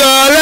yaa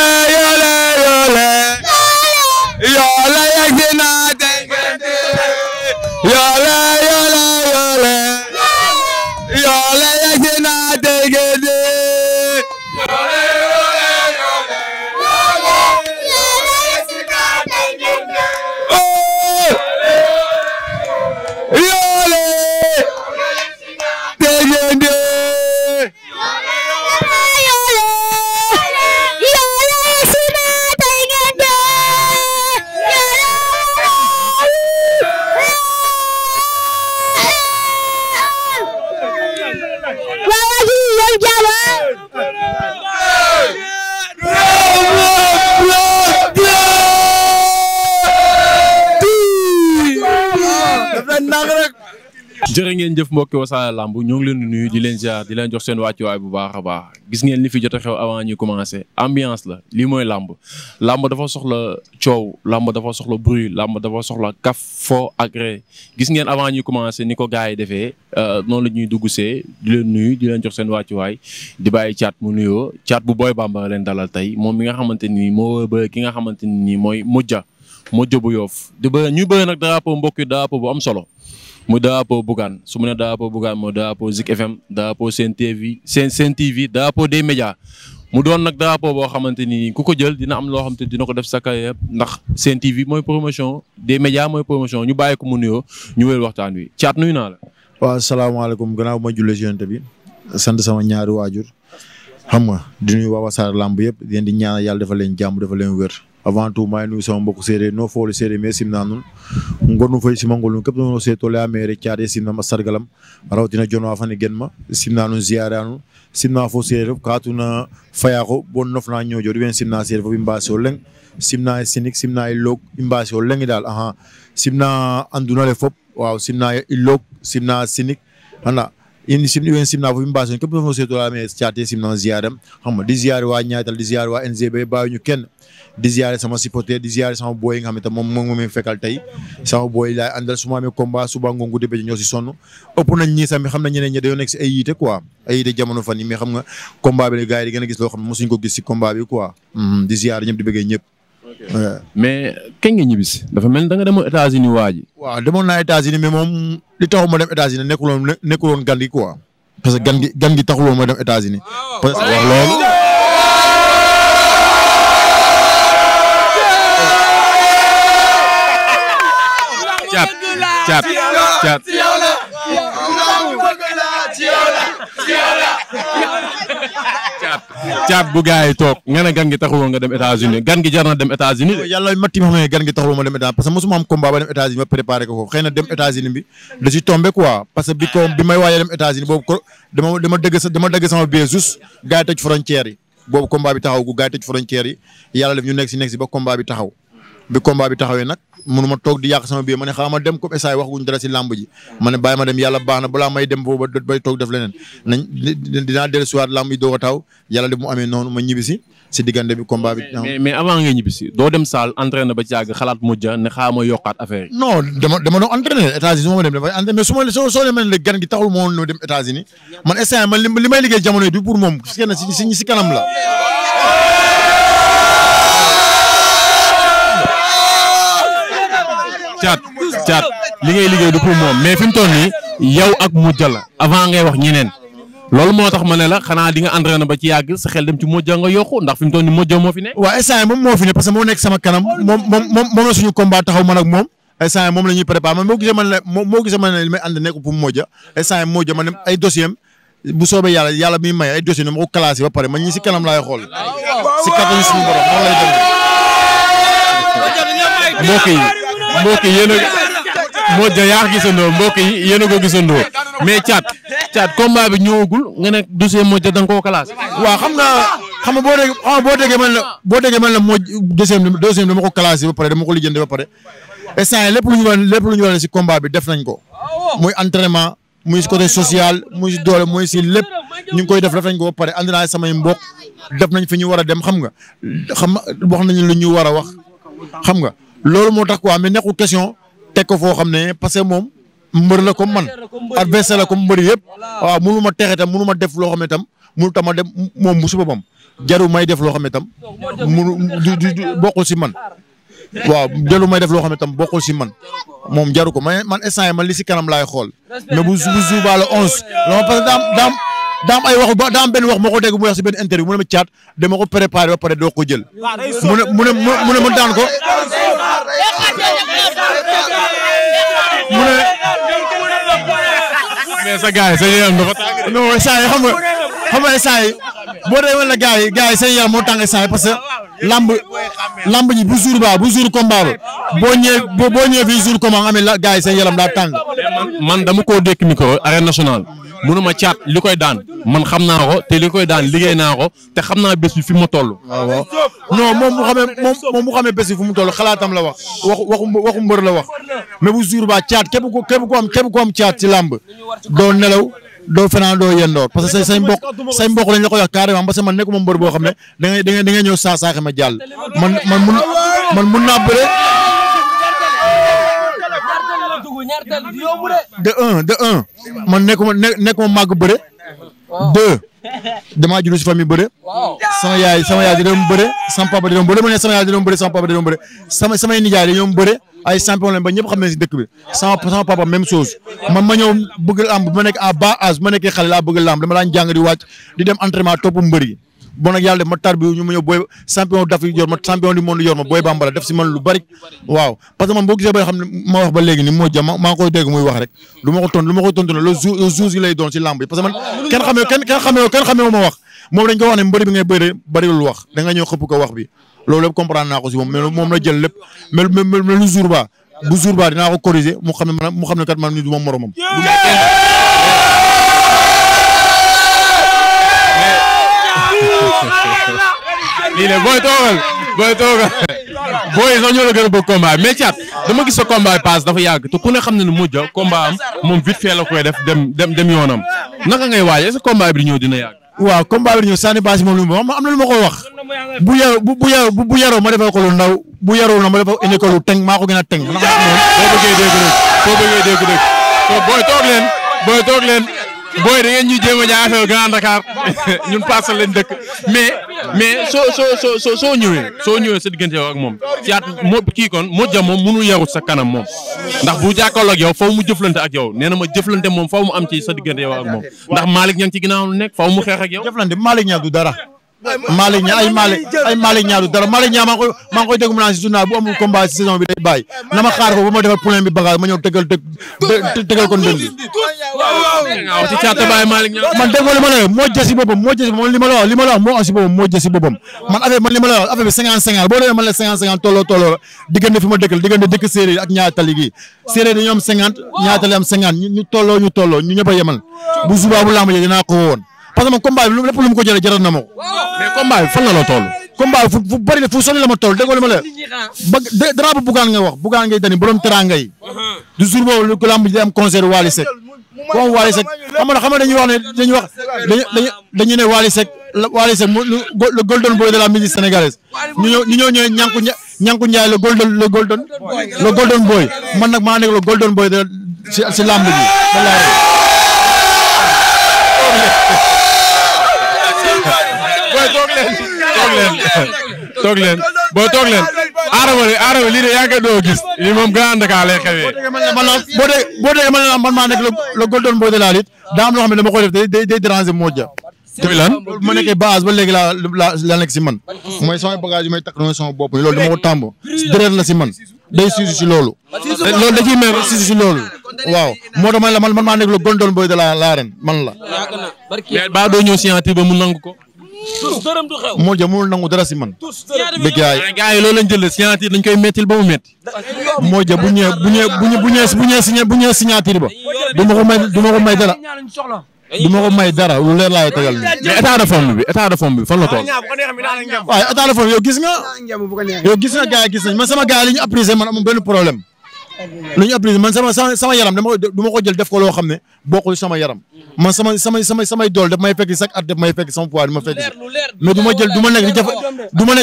jërëjëf mbokki wasaare làmb ñoo ngi leen di nuyu di leen ziar di leen jox seen wàccuwaay bu baax a baax gis ngeen li fi jot a xew avant ñuy commencé ambiance la lii mooy làmb làmb dafa soxla coow làmb dafa soxla bruit làmb dafa soxla kaf foo agré gis ngeen avant ñuy commencé ni ko gars yi defee euh, noonu la ñuy dugg see di leen nuyu di leen jox seen wàccuwaay di bàyyi caat mu nuyoo caat bu booy bambara leen dalal tey moom mi nga xamante ni moo bëre ki nga xamante ni mooy mujja mujja bu yoof di bëre ñuy bëre nag drapeau mbokki drapeau bu am solo muy drapeau Bougane su mu ne drapeau Bougane mooy drapeau Zik FM drapeau Sen TV Sen Sen TV drapeau des médias mu doon nag drapeau boo xamante ni ku ko jël dina am loo xam te dina ko def sa carrière ndax Sen TV mooy promotion des médias mooy promotion ñu bàyyi ko mu nuyoo ñu wéyal waxtaan wi caat nuyu naa la. waaw salaamaaleykum gannaaw ma jullee Yonent bi sant sama ñaari waajur xam nga di nuyu waa Wassare Lamb yëpp di di ñaar yàlla dafa leen jàmm dafa leen wér. avant tout maa ngi nuyu sama mbokk séeréer no foole séeréer mais simnaa nun ngonu fay simangol nun képp no see tole amere caade simnama sargalam rawatina jono fane genma simna nun ziyara nun simna fo séeréer fof kaatuna faya ko bon nofna ñoojo ɗi simna séeréer fof i mbaasi o leng simna sinik simna e loog i mbaasi o lengi dal ahan simna andunale fop waaw simna e loog simna sinik anda yéen sim yéen simnaa fu mu baas képp dafa seetulaa mais caatee simnaa ziyaaram xam nga di ziyaare waa ñaatal di ziyaare waa NGB bàyyi ñu kenn di ziyaare sama supporter di ziyaare sama boy nga xam ne tam moom moom mi fekkal tey sama boy laay àndal su ma amee combat suba ngoon guddi bëccëg ñoo si sonn ëpp nañ ñii sax mi xam na ñeneen ñi dañoo nekk si ay yiite quoi ay yiite jamono fan yi mais di gën gis loo xam ne gis si combat bi mm, di ziyaare ñëpp di bëggee ñëpp mais kañ nga ñibbisi dafa mel ni da nga demoon États-Unis waa ji. waaw États-Unis mais moom li taxul ma dem États-Unis nekkuloon nekkuloon gan gi quoi. que gan gi gan gi États-Unis. caat bu gars yi toog nga ne gan gi taxuloo nga dem États-Unis gan gi jar na dem États-Unis de. yàlla xam ne gan gi taxuloo ma dem États unis ba préparé ko foofu xëy dem États-Unis bi da ci tombé bi may waajee dem États-Unis boobu dama dama sama biir juste gars yi frontière yi boobu combat bi taxaw gu gars yi frontière yi yàlla def ñu nekk si nekk si ba combat bi taxaw bi combat bi taxawee nag mënuma toog di yàq sama biir ma ne xaaral ma dem comme esaay waxaguñ dara si làmb ji ma ma dem yàlla baax balaa may dem foofu ba bay toog def leneen nañ dinaa dellusiwaat làmb yi doog a taw yàlla def mu amee noonu ma ñibbi si si diggante bi combat bi. mais mais avant nga ñibbi si doo dem saal entraîné ba caag xalaat mujj ne xaaral ma yokkaat non dama dama doon États-Unis su ma ma dem états liggéey jamono yi du moom si kanam la. caat caat li ngay liggéey du pour moom mais fi mu toll nii yow ak mujj la avant ngay wax ñeneen loolu moo tax ma ne la xanaa di nga entraîné ba ci yàgg sa xel dem ci mujj nga yokku ndax fi mu toll nii mujj moo fi ne. waaw instant moom moo fi ne parce que moo nekk sama kanam moom moom moom la suñu moom. instant yii moom la moo gisee man la moo gisee ne may ànd nekk pour Modja instant yii Modja man ay dossier bu soobee yàlla yàlla mi may ay dossier am ma ko classé ba pare man ñi si kanam laay xool si kàttanu suñu borom moom lay demee mbokk yi mbokk yi yéen a moo yaa gisandoo mbokk yi yéen a ko gisandoo mais caat caat combat bi ñëwagul nga ne dossier moo ja ko nga waa xam nga xam nga boo déggee xam ah, nga boo déggee man la boo déggee man la moo deuxième deuxième dama ko classé ba pare dama ko lijjanti ba pare instant yii lépp lu ñu war lépp lu ñu war si combat bi def nañ ko muy entraînement. muy si côté social muy si doole mooy si lépp ñu ngi koy def def nañ ko ba pare andi naa samay mbok def nañ fi ñu war a dem xam nga xam wax nañu lu ñu war a wax xam nga loolu moo tax quoi mais nekkul question teg ko foo xam ne parce que moom mbër la comme man adversaire la comme mbër yëpp waaw mënu ma texe tam mënu ma def loo xam ne tam mënu tam ma dem moom bu su boppam jaru may def loo xam ne tam mënu du bokkul si man waaw jaru may def loo xam ne tam bokkul si man moom jaru ko man man instant man li si kanam laay xool mais bu bu subaa la onze. daa am ba daa am benn wax moo ko dégg mu wax si benn interview mu ne ma caat dama ko préparé ba pare doo ko jël. mu ne mu ne mu ne mu daan ko. mu ne. mais sa gars yi sa tàng. non saa xam nga xam nga saa yi boo dee yi gars yi seen yaram moo tàng saa parce que lamb lamb ji bu jour baa bu jour combat boo ñëwee boo ñëwee fii jour combat nga xam ne gars yi seen yaram daa tàng. man dama koo dékk micro arène mënuma caat li koy daan man xam naa ko te li daan liggéey naa ko te xam naa bés fi ma toll. Ah, waaw moom mu xamee moom moom mu xamee bés fu mu toll xalaatam la wax wax waxu waxu mbër la wax mais bu jour ba caat képp ku képp ku am képp ku am caat ci làmb doo nelaw. doo fanaan doo yendoor parce que say say mbokk say mbokk man nekkuma mbër boo xam ne da ngay da ngay saa saa xame jàll man man mun man mun de un de un man nekk nekkuma màgg bëre. deux damaa judd si famille bëre. sama yaay sama bëre sama papa di bëre ma sama yaay di doon bëre sama papa di bëre sama samay nijaay dañoo bëre ay champion lañ ba xam ne si dëkk bi sama sama papa même chose man ma ñëw bëgg làmb bu ma nekk à bas âge bu ma nekkee xale bëgg làmb dama daan jàng di wàcc di dem entraînement topp mbër yi bon nag yàlla def ma tar bi ñu ma ñëw booy champion d'Afrique yor ma champion du monde yor ma booy bambara def si man lu bari waaw parce que man boo gisee ba xam ne ma wax ba léegi ni moo jama maa ngi koy dégg muy wax rek lu ma ko tontu lu ma ko tontu ne le jour le jour gi lay doon si lamb yi parce man kenn xamee kenn ma wax moom ba bu jour ba dinaa ko corriger ne man man ni du ma moromam lii de booy toogal booy toogal booy sax ñoo la gën a bëgg combat mais Thiat dama gis sa combat pass dafa yàgg te ku ne xam na ne mujj combat am moom vite fait la koy def dem yoonam naka ngay waajee sa combat bi di ñëw dina yàgg. waaw combat bi di ñëw sànni baasi moom lu mu am na lu ma ko wax bu yaroo bu bu ma defal ko lu ndaw bu yaroo na ma defal indi ko lu teng maa ko gën a teng. boo bëggee dégg rek boo toog leen. booy da ngeen ñu jéem a ñaata Grand Dakar ñun paasal leen dëkk mais mais soo soo soo soo soo ñëwee soo ñëwee sa diggante yow ak moom si at moo kii kon moo jam moom mënul yarut sa kanam moom ndax bu jàkkaarloo ak yow faw mu jëflante ak yow nee na ma jëflante moom faw mu am ci sa diggante yow ak moom ndax Malick ña ngi ci ginnaaw lu nekk faw mu xeex ak yow. jëflante Malick ña du dara. Malick Niang dara Malick Niang maa koy maa naan si journal bu amul combat si saison bi day bàyyi na ma xaar ko ma defal problème bi bagage ma ñëw tegal tegal ko ndënd man déggoo li moo jësi boppam moo jësi man li ma la wax li ma la bi cinquante cinquante boo demee man la cinquante cinquante tolloo tolloo la diggante séeréer ak ñaari tali séeréer dañoo am cinquante ñaari tali am cinquante ñu tolloo ñu tolloo ñu ñëpp yemal bu subaa bu lamb dinaa ko woon parce que moom combat bi lépp lu mu ko jëlee jaral na ma ko mais combat bi fan la la toll. combat fu fu bëri la fu la ma toll ba bugaan nga wax bugaan ngay dani borom teranga yi uh-huh. du jour boobu lu ko lamb ji day am concert Wally Seck comme Wally Seck xam nga xam nga dañuy wax ne dañuy wax dañuy dañuy ne Wally Seck Wally Seck le golden boy de la musique sénégalaise ñu ñëw ñu ñëw ñooy ñànku ñànku Njaay le golden le golden le golden boy man nag maa nekk le golden boy de si si lamb toog leen toog leen boo toog leen aaraba de aaraba lii de yàgg doo gis lii moom Grand Dakar lay xewee boo dégg boo dégg man la man maa nekk le golden boy de la lutte daa am loo xam ne dama koy def day day déranger moo ja muy lan ma nekkee base ba la laa laa la nekk si man mooy samay bagage yu may takk noonu sama bopp loolu dama ko tàmb deret la si man day siisu si loolu loolu da ciy mel siisu si loolu waaw moo tax man la man man maa nekk le golden boy de la l'arène man la mais baa doo ñëw ba mu nangu ko tous dërëm du xew. moo jëm mënul nangu dara si man. tous dërëm bi gars yi ah, gars yi loolu lañ jëlee signature ba mu métti. moo jëm bu ñëwee bu ñëwee bu ñëwee bu ñëwee signature ba du ma ko may du ma ko may dara. du ma may dara lu leer laay tegal mais état de forme bi état de forme bi fan la waaye état de forme yow gis nga. yow gis nga gars man sama gars yi la ñu apprécié lu ñu man sama sama yaram dama ma ko jël def ko loo xam ne bokkul sama yaram man sama samay samay dool daf may fekk chaque at daf may fekk sama poids du ma fekk mais du ma ma nekk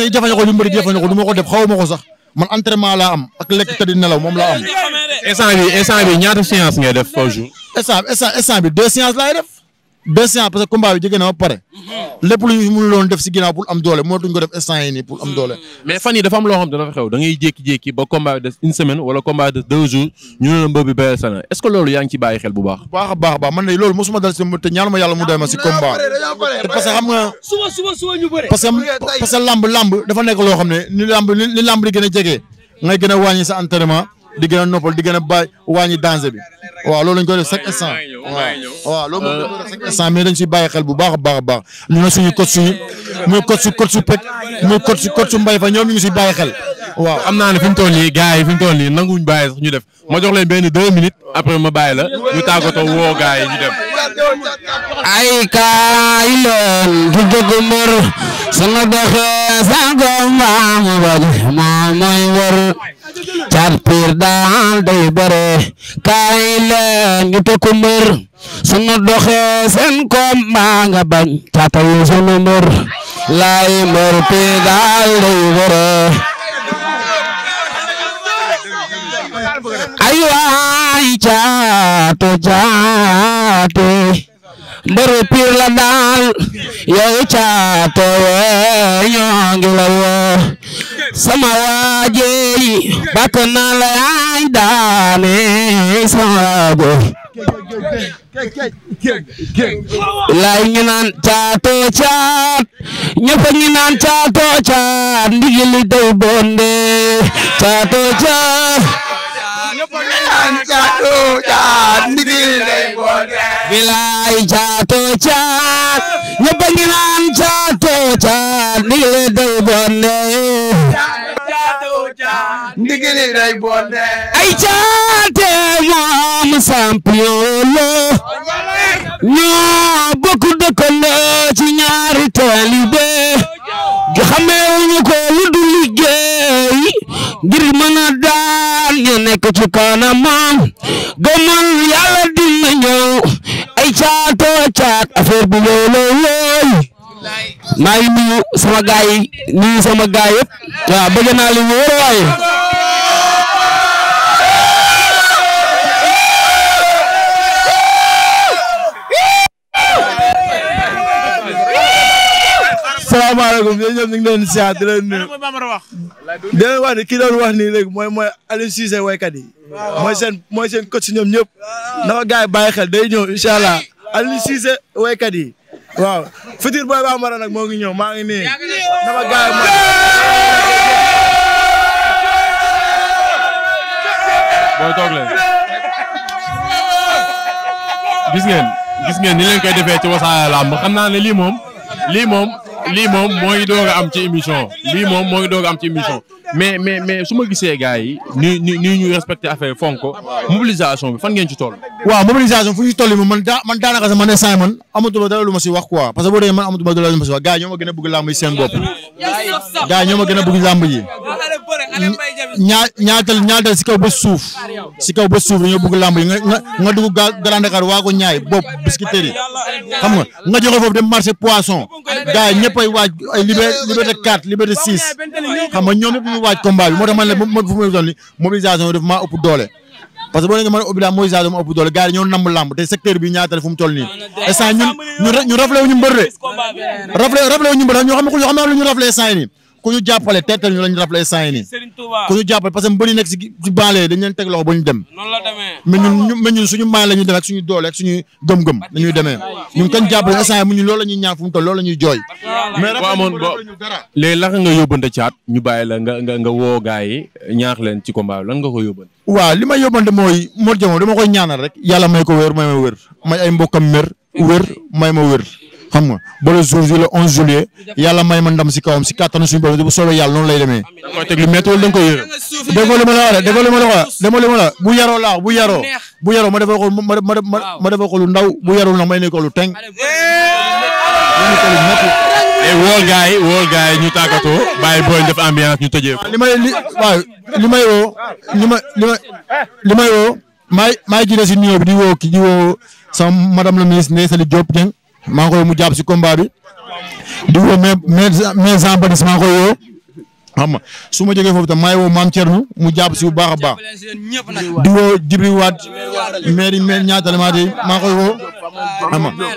di jafe ko li mbëri di jafe ko du ma ko am ak lekk tëdd nelaw moom laa am. instant bi ñaata séance ngay def par jour. instant instant instant def. deux séances parce que combat jege na ba pare. Mhm. lépp lu ñu def si ginnaaw pour am doole mënatuñ ko def instant yii nii pour am mhm. doole. mais fan dafa am loo xam ne dafa xew da ngay jékki ba combat bi des une semaine wala combat des deux jours ñu ne la mbër bi bayal sa est que loolu yaa ngi xel bu baax. baax a baax a baax man de loolu mosuma dal si te ñaanu ma yàlla mu doy ma si combat parce que xam nga. suba suba suba lamb lamb dafa nekk loo xam ne ni lamb li gën a jege a wàññi sa di gën a noppal di gën a bàyyi wàññi danger bi waaw loolu lañ koy def chaque instant waaw waaw loolu euh, moom dañ siy bàyyi xel bu baax a baax a baax ñu ne suñu coach su coach su pek muy coach mbay fa ñoom ñu si siy bàyyi xel waaw xam naa ne fi mu toll nii gars yi fi mu toll nii nanguwuñ bàyyi sax ñu def ma jox leen benn deux minutes après ma bàyyi la ñu tàggatoo woo gars yi ñu dem. ay kaay leen du dëgg mbër sama doxee sànq maamu ba mooy wër. caat piir daan day bare kaay leen ñu takku mbër sunu doxee seen koom maa nga bañ caatawu sunu mbër laay mbër piir daan day ay waay caato caato mboru piir la daal yow caato wee ñoo ngi la woo sama waajeeyi bakk naa la yaay daane sama waago lay ñu naan ñu naan caato caat ndigili day bonde caato caat caatu caat ndigil day boote bilaay caatu caat sampiyoolo ñoo bokk dëkkandoo ci ñaari taalibe xameewuñu ko lu dul liggéey ngir mën a daan ñu nekk ci kanamam gëmal yàlla dina ñëw ay caatoo caat affaire bi looloo wooy maa ngi nuyu sama gaay yi nuyu sama gaay yëpp waaw bëgg naa li mu wër waaye salaamaaleykum yéen ñëpp ñu ngi leen di siyaar di leen nuyu di leen ni ki mooy mooy Aliou Cissé waykat yi mooy seen mooy seen coach ñoom ñëpp dafa gars yi waykat yi waaw futur booy Bambara nag moo ngi ñëw maa ngi nii dafa gars booy toog leen gis ngeen ni leen koy defee ci Wassare Lamb xam naa ne lii moom lii moom moo ngi am ci émission lii moom mooy ngi am ci émission mais mais mais su ma gisee gars yi nii nii ñu respecté affaire fonk ko mobilisation bi fan ngeen ci toll. waaw mobilisation fu ñu toll moom man daa daanaka sax man de saa ma si wax quoi parce que boo demee man amatuma dara ma si wax gars yi ñoo ma gën a seen bopp. gars yi ñoo ma gën a ñaatal si kaw ba suuf si kaw ba suuf dañoo bëgg làmb yi nga nga nga ñaay bopp biscuiterie xam nga nga joxe ay waaj ay liberté liberté 4 liberté 6 ñu waaj combat moo tax man la man fu ma doon ni mobilisation doole parce que boo nekkee man obligation mobilisation ma ëpp doole gars ñoo namb làmb te secteur bi ñaata la fu mu ñun ñu raflé wu ñu mbër de raflé raflé wu ñu mbër ñoo xam ne ku ñu jàppale teetal ñu la ñu rafetlu instant nii. Serigne ñu jàppale parce que mbëri nekk si si banlieue dañu teg loxo ba ñu dem. noonu suñu maan la ñuy ak suñu doole ak suñu gëm-gëm la demee ñun kañ jàppale instant mu ñu loolu ñuy ñaan fu mu toll ñuy jooy. mais rafetlu ko rafetlu ñu caat ñu bàyyi la nga nga nga ci combat lan nga ko yóbbante. waaw li may yóbbante mooy Modou Dieng dama koy ñaanal rek. yàlla may ko wér may ma wér may ay mbokkam mer xam nga ba le jour ju le 11 juillet yàlla may ma ndam si kawam si kattanu suñu borom bu yàlla noonu lay demee. mooy teg lu métti wala da nga koy yëre. déggoo li ma la wax la wax déggoo la bu yaroo bu yaroo ma defal ko ma ma ma defal ko lu ndaw bu yarul nag may ne ko lu teng. Eh, wool gaay yi wool gaay yi ñu tàggatoo bàyyi booy def ambiance ñu tëjee ko. li may li waaw li may ma li ma li may woo maay maay jiite si nuyoo bi di woo ki di woo sama madame la ministre Ndeye Saly Diop Dieng maa ngi koy mu jàpp si combat bi di woo mais mais en badis maa ngi koy woo xam nga su ma jógee foofu ta maa ngi woo maam Thierno mu jàpp si bu baax a baax di woo Djibril Wade maire maire ñaata la maa tey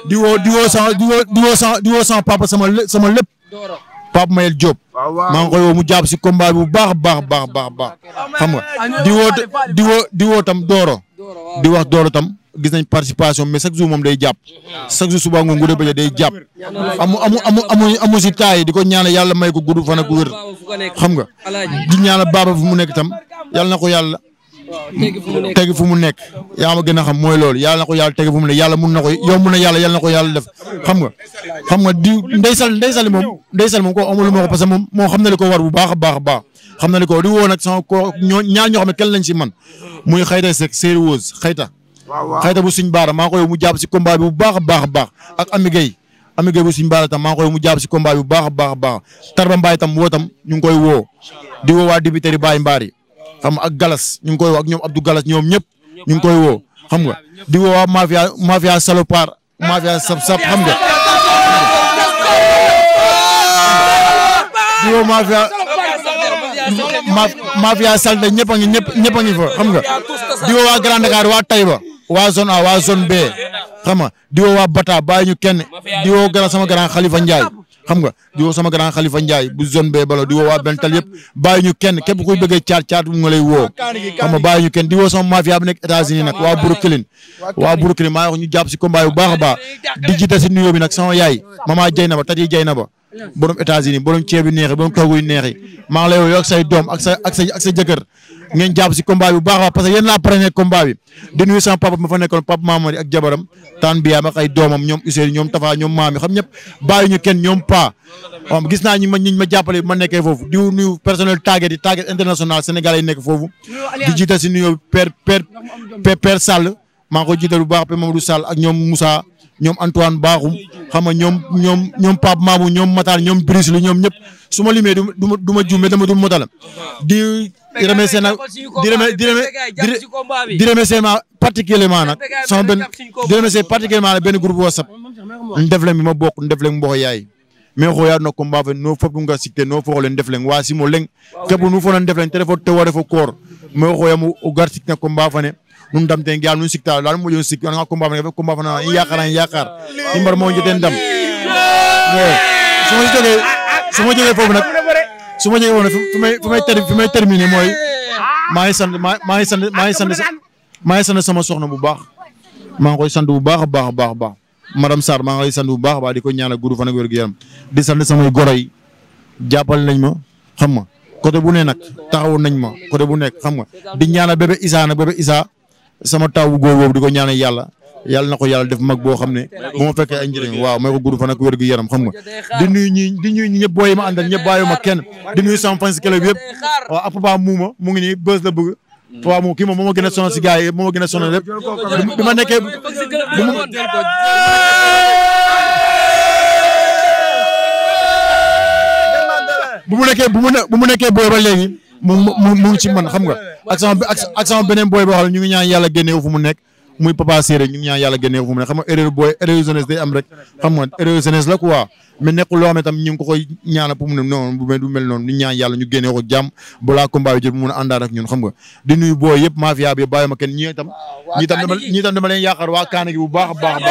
di woo di woo sama di woo di woo sama di woo sama papa sama sama lépp Pape Mayel Diop maa ngi koy woo mu jàpp si combat bi bu baax a baax baax baax xam nga di woo di di woo tam dooro di wax Doro tam. gis nañ participation mais chaque jour moom day jàpp chaque jour suba ngoon gudde ba day jàpp amu amu amu amu amu si taay di ko ñaana yàlla may ko gudd fan ak wér xam nga di ñaanal baaba fu mu nekk tam yàlla na ko yàlla teg fu mu nekk yaa ma gën a xam mooy loolu yàlla na ko yàlla teg fu mu nekk yàlla mun na ko yomb na yàlla yàlla na ko yàlla def xam nga xam nga di ndeysal ndeysal moom ndeysal moom ko amul ma ko parce que moo xam ne li ko war bu baax a baax a baax xam na li ko war di nag sama ko ñoo ñaar ñoo xam ne kenn lañ si man muy xayta sek sérieux xayta xayta bu suñ baara maa ngi mu jàpp si combat bu baax a baax baax ak Ami Gueye Ami Gueye bu suñ baara mu jàpp si combat bu baax a baax a baax Tarba Mbaye tam woo tam ñu ngi koy woo di woo waa député yi Baye xam ak Galas ñu ngi koy woo ak ñoom Abdou Galas ñoom ñëpp ñu ngi koy woo xam nga di woo waa mafia mafia salopard mafia sab sab xam nga di woo ñëpp a ngi ñëpp waa Grand waa zone A waa zone B xam diwo di woo waa Bata bàyyi ñu kenn di woo gara sama grand Khalifa Ndiaye xam nga di woo sama grand Khalifa Ndiaye bu zone B bala di woo waa Bental yëpp bàyyi ñu kenn képp kuy bëggee caat caat mu nga lay woo xam nga bàyyi ñu kenn di woo sama mafia bi nekk États-Unis nag waa Brooklyn waa Brooklyn maa ngi wax ñu jàpp si combat bu baax a baax di jiite si nuyoo bi nag sama yaay mama Dieynaba tati Dieynaba borom États-Unis borom ceeb yu neex yi borom maa ngi lay ak say doom ak sa jëkkër ngeen jàpp si combat bi baax a baax parce que yéen laa parrainé combat bi di nuyu papa ma fa nekkoon papa Mamadi ak jabaram tan biyaam ak ay doomam ñoom Ousseynou ñoom Tafa ñoom maam ma ñi ma jàppale ma nekkee foofu di nuyu personnel target yi international sénégalais yi nekk foofu di si nuyoo père père père maa ngi jiital bu baax père Mamadou ak ñoom Moussa ñoom Antoine Baaxum xam nga ñoom ñoom ñoom Pape Mamou ñoom Matar ñoom Brice lu ñoom ñëpp su ma limee du duma du ma juumee dama du motala di remercier nag di remercier di remercier ma particulièrement nag sama benn di remercier particulièrement nag benn groupe WhatsApp Ndefleng bi ma bokk Ndefleng Mboxo yaay mais xoya no ko mbafe no fofu nga sikte no fo len Ndefleng wa simo leng te bu nu fo na Ndefleng te defo te koor mais xoya mu gar sikte ko mbafane nun damten gyal nun sikta la mo jon sik an ko mbam ko mbam na yakar an yakar imbar mo jote ndam suma joge suma joge foofu nag suma joge foofu nag fi may fi may fi may terminer mooy maa ngi sant maa maa ngi sant maa ngi sant maa ngi sant sama soxna bu baax maa ngi koy sant bu baax a baax a baax a baax madame Sarr maa ngi koy sant bu baax a baax di ko ñaanal gudd fan ak wér-gu-yaram di sant samay goro yi jàppale nañ ma xam nga côté bu ne nag taxawoon nañ ma côté bu nekk xam nga di ñaanal bébé Isa nag bébé Isa sama taw bu góor boobu di ko ñaanal yàlla yàlla na ko yàlla def mag boo xam ne bu ma fekkee ay njëriñ waaw may ko gudd fan ak wér gu yaram xam nga di nuyu ñi di nuyu ñi ñëpp booy ma àndal ñëpp ma kenn di nuyu sama fans club yëpp waaw ak papa muuma mu ngi nii bës la bëgg waaw moom kii moom moo ma si gars yi moo ma gën a sonal lépp bi ma nekkee bu mu nekkee bu mu nekkee mu mu mu ngi ci man xam nga ak sama ak beneen booy boo xam ne ñu ngi ñaan yàlla génneewu fu mu nekk muy Papa Séré ñu ngi ñaan yàlla génneewu fu nekk xam nga booy erreur jeunesse day am rek xam nga erreur jeunesse la quoi mais nekkul loo xam ne tam ñu ngi ko koy ñaanal pour mu ne noonu bu mel mun a àndaat ñun xam nga di nuyu booy yëpp mafia bi bàyyi ma kenn ñi tam ñi tam dama ñi tam dama bu baax a baax baax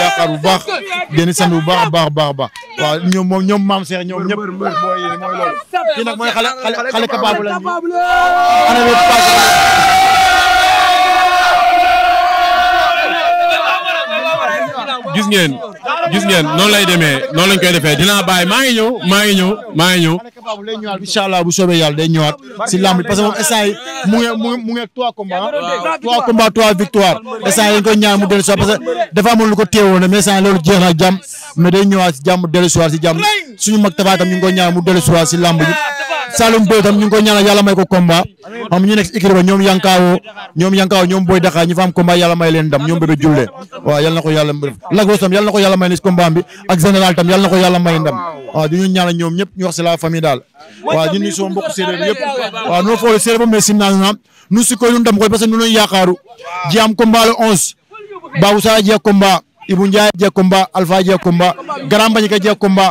yaakaar bu baax deni sant bu baax a baax baax baax waaw ñoom moom ñoom maam Cheikh ñoom ñëpp mooy loolu kii nag mooy xale xale xale capable la gis ngeen gis ngeen noonu lay demee noonu lañ koy defee dinaa bàyyi maa ngi ñëw maa ngi ñëw maa ngi ñëw. incha allah bu soobee yàlla day ñëwaat si lamb parce que moom instant mu ngi mu ngi mu ngi trois combats trois combats trois victoire instant yi dañ koy ñaan mu dellu si parce que dafa amoon lu ko teewoon mais instant loolu jeex na jàmm mais day ñëwaat si jàmm dellu si waat si jàmm suñu mag tabaat tam ñu ngi koy ñaan mu dellu si waat si lamb ji. Saloum Boy tam ñu ngi ko ñaanal yàlla may ko combat xam ñu nekk si écurie ba ñoom Yankaawo Boy Dakar ñi fa am combat yàlla may Julle waaw ko yàlla Lagos tam yàlla ko yàlla may si ak général tam yàlla ko yàlla ndam di ñu ñaanal ñoom ñëpp ñu wax si la famille daal waaw ñu nuyu sama mbokk séeréer yëpp waaw noo foole séeréer ba mais koy nu ndam nu noonu yaakaaru ji le onze Babou Sala ji ak Ibou Ndiaye Jekumba Alpha Jekumba Grand Mbagnick Jekumba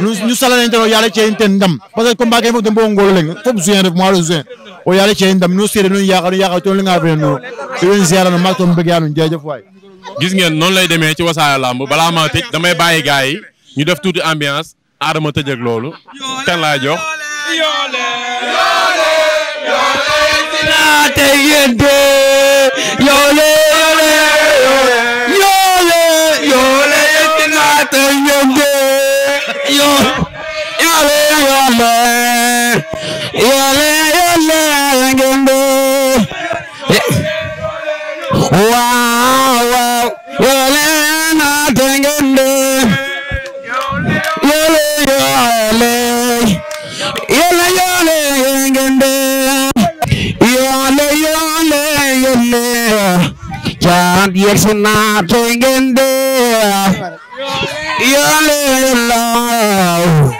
ñu salalen tan o yaala ceyin ten ndam parce que combat ke fof den bo ngolo leng fop juin ref mois de juin o yaala ceyin ndam nu seede nuun yaxa nu yaxa toon lenga fene no iwen ziara no maak toon bëgga nuun jërëjëf waay gis ngeen noonu lay demee ci Wassare Lamb balaa ma tëj damay bàyyi gars yi ñu def tuuti ambiance aadama tëj ak loolu kan laa jox yoole yoole yoole àtẹ̀yẹ̀dẹ̀ yọ yọlẹ̀ yọlẹ̀ yọlẹ̀ yọlẹ̀ àtẹ̀yẹ̀dẹ̀ wà wà yọlẹ̀ àtẹ̀yẹ̀dẹ̀ yọlẹ̀ yọlẹ̀ yọlẹ̀ yọlẹ̀ àtẹ̀yẹ̀dẹ̀ yọlẹ̀ yọlẹ̀ yọlẹ̀. John, yes, not doing in there. يا لله